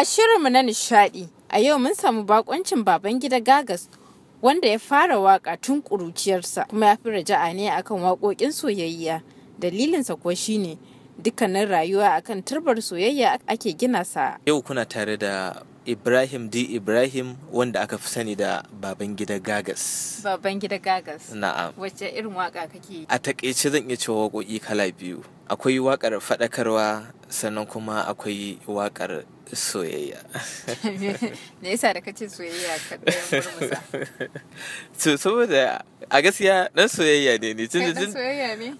A shirinmu na nishaɗi, a yau mun samu bakoncin gida Gagas wanda ya fara waƙa tun ƙuruciyarsa kuma ya fi raja'a ne akan waƙoƙin soyayya. Dalilinsa kuwa shine dukkanin rayuwa akan turbar soyayya ake gina sa. Yau kuna tare da Ibrahim D. Ibrahim wanda aka fi sani da Babangida Gagas. Babangida Gagas. Na'am. Wacce irin waka kake? yi? A taƙaice zan iya cewa waƙoƙi kala biyu. Akwai waƙar faɗakarwa sannan kuma akwai waƙar soyayya me yasa da kace soyayya ka murmusa saboda a gaskiya dan soyayya ne ne tun tun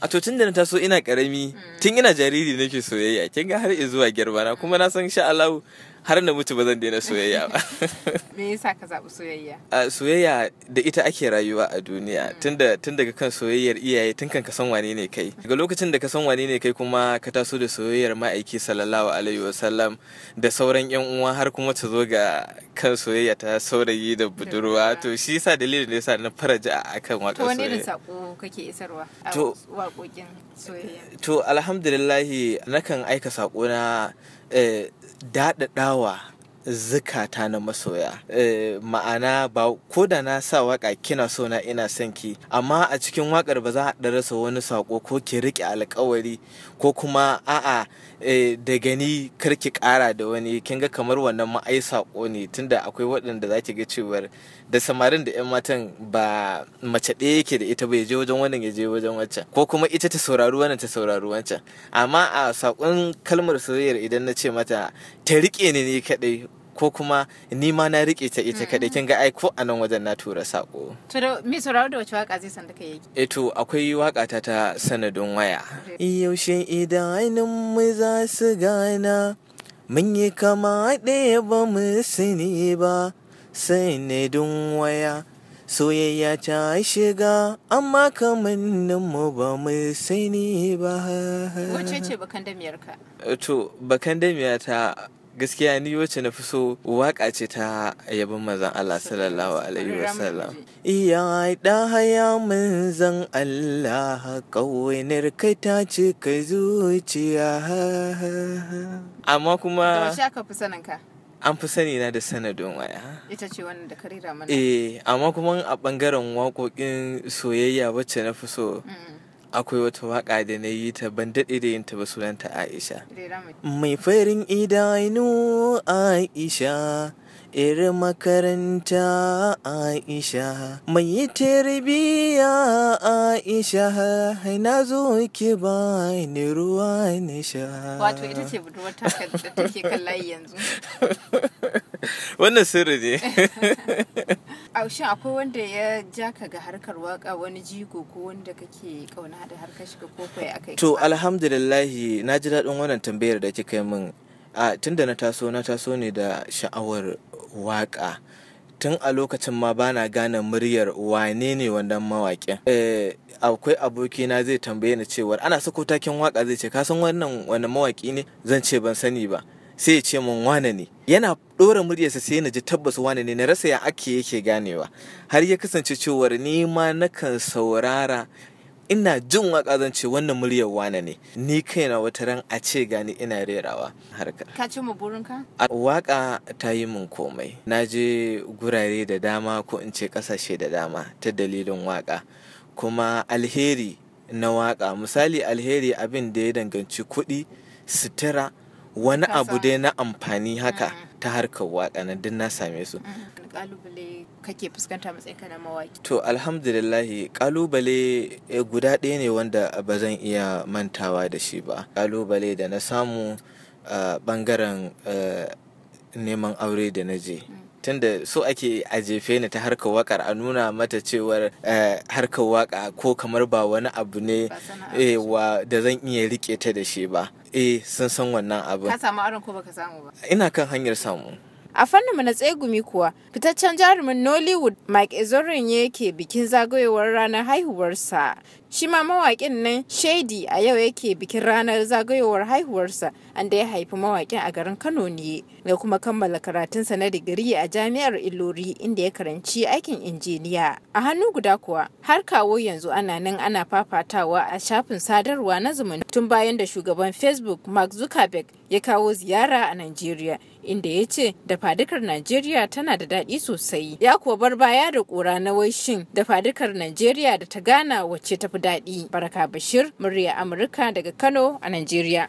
a to tun da na taso ina karami hmm. tun ina jariri nake soyayya kin ga har zuwa girma na kuma na san sha Allah har na mutu ba zan daina soyayya ba me yasa ka zabi soyayya a soyayya da ita ake rayuwa a duniya hmm. tunda tun daga kan soyayyar iyaye tun kan ka san wane ne kai daga lokacin da ka san wane ne kai kuma ka taso da soyayyar ma'aiki sallallahu alaihi wasallam da sauran yan uwa har kuma ta zo ga kan soyayya ta saurayi da budurwa to shi yasa dalilin da yasa na faraja a kan waƙar soyayya to wani irin sako kake isarwa a waƙoƙin soyayya to alhamdulillah nakan aika sako na eh, daɗaɗawa zukata na masoya eh, ma'ana ba ko da na sa waka kina so na ina son ki amma a cikin wakar ba za a rasa wani sako ko ki rike alkawari ko kuma a'a eh, da gani kar ki kara da wani kin ga kamar wannan ma sako ne tunda akwai waɗanda za ki ga cewar da samarin da 'yan matan ba mace ɗaya yake da ita bai je wajen wannan ya je wajen wancan ko kuma ita ta saurari wannan ta saurari wancan amma a sakon kalmar soyayyar idan na ce mata ta rike ni ne kaɗai ko kuma ni ma na rike ta ita kadai mm. kin ga ai ko a nan wajen na tura sako to da mi sauraro da wace waka zai san da kai yake eh to akwai waka ta ta sanadin waya yaushe idanun mu za su gana mun yi kama ɗaya ba mu sani ba sanadin waya soyayya ta shiga amma kamannin mu ba mu sani ba. Wace ce bakan damiyarka? Eh to bakan damiyata gaskiya ni wacce na fi so waka ce ta yabin mazan Allah sallallahu alaihi wasallam iya da haya zan Allah kawainar kai ta ce ka zuciya amma kuma da ka fi sanin ka an fi sani na da sanadin waya ita ce wanda ka rera mana eh amma kuma a bangaren wakokin soyayya wacce na fi so mm. akwai wata waka da na yi ta ban daɗe da yin ta ba sunanta Aisha. Mai farin idanu Aisha, irin makaranta Aisha, mai yi tarbiyya Aisha, na zo ki ba ni ruwa sha. Wato ita ce budurwar ta take kan yanzu. wannan sirri ne shin akwai wanda ya ja ka ga harkar waka wani jigo ko wanda kake kauna da harkar shiga ko kai akai to alhamdulillahi na ji daɗin wannan tambayar da kika yi min a tunda na taso na taso ne da sha'awar waka tun a lokacin ma bana gane muryar wane ne wannan mawaƙi. Eh, akwai abokina zai tambaye ni cewar ana sako takin waka zai ce kasan wannan wani mawaƙi ne zan ce ban sani ba sai ya ce min wane ne yana ɗora muryarsa sai na ji tabbas wane ne na rasa ya ake yake ganewa har ya kasance cewar ni ma nakan saurara ina jin waka zan ce wannan muryar wane ne ni kaina wata ran a ce gani ina rerawa Harka. ka ci burinka waka ta yi min komai na je gurare da dama ko in ce kasashe da dama ta dalilin waka kuma alheri na waka misali alheri abin da ya danganci kuɗi sutura wani abu dai na amfani haka mm. ta harkar waka na duk na same su kalubale mm, mm. kake fuskanta matsayinka na mawaki to alhamdulillahi kalubale eh, guda ɗaya ne wanda ba zan iya mantawa da shi ba kalubale da na samu ah, ɓangaren eh, neman aure da na je da so ake a jefe ni ta harkar wakar a nuna mata cewar eh, harkar waka ko kamar ba wani abu ne da zan iya rike ta da shi ba e sun san wannan abu ka samu aron ko baka samu ba ina kan hanyar samu a fannin na tsegumi kuwa fitaccen jarumin nollywood mike ezorin yake bikin zagayowar ranar haihuwarsa Shi ma mawaƙin nan shaidi a yau yake bikin ranar zagayowar haihuwarsa, anda ya haifi mawaƙin a garin Kano ne, ya kuma kammala karatunsa na digiri a jami'ar Ilori inda ya karanci aikin injiniya. A hannu guda kuwa, har kawo yanzu ana nan ana fafatawa a shafin sadarwa na zumunta tun bayan da shugaban Facebook Mark Zuckerberg ya kawo ziyara a Najeriya. inda ya ce dafadukar Najeriya tana da daɗi sosai. Ya kuwa bar baya da ƙura na waishin dafadukar Najeriya da ta gana wacce ta fi fi daɗi. Baraka Bashir, murya Amurka daga Kano a Najeriya.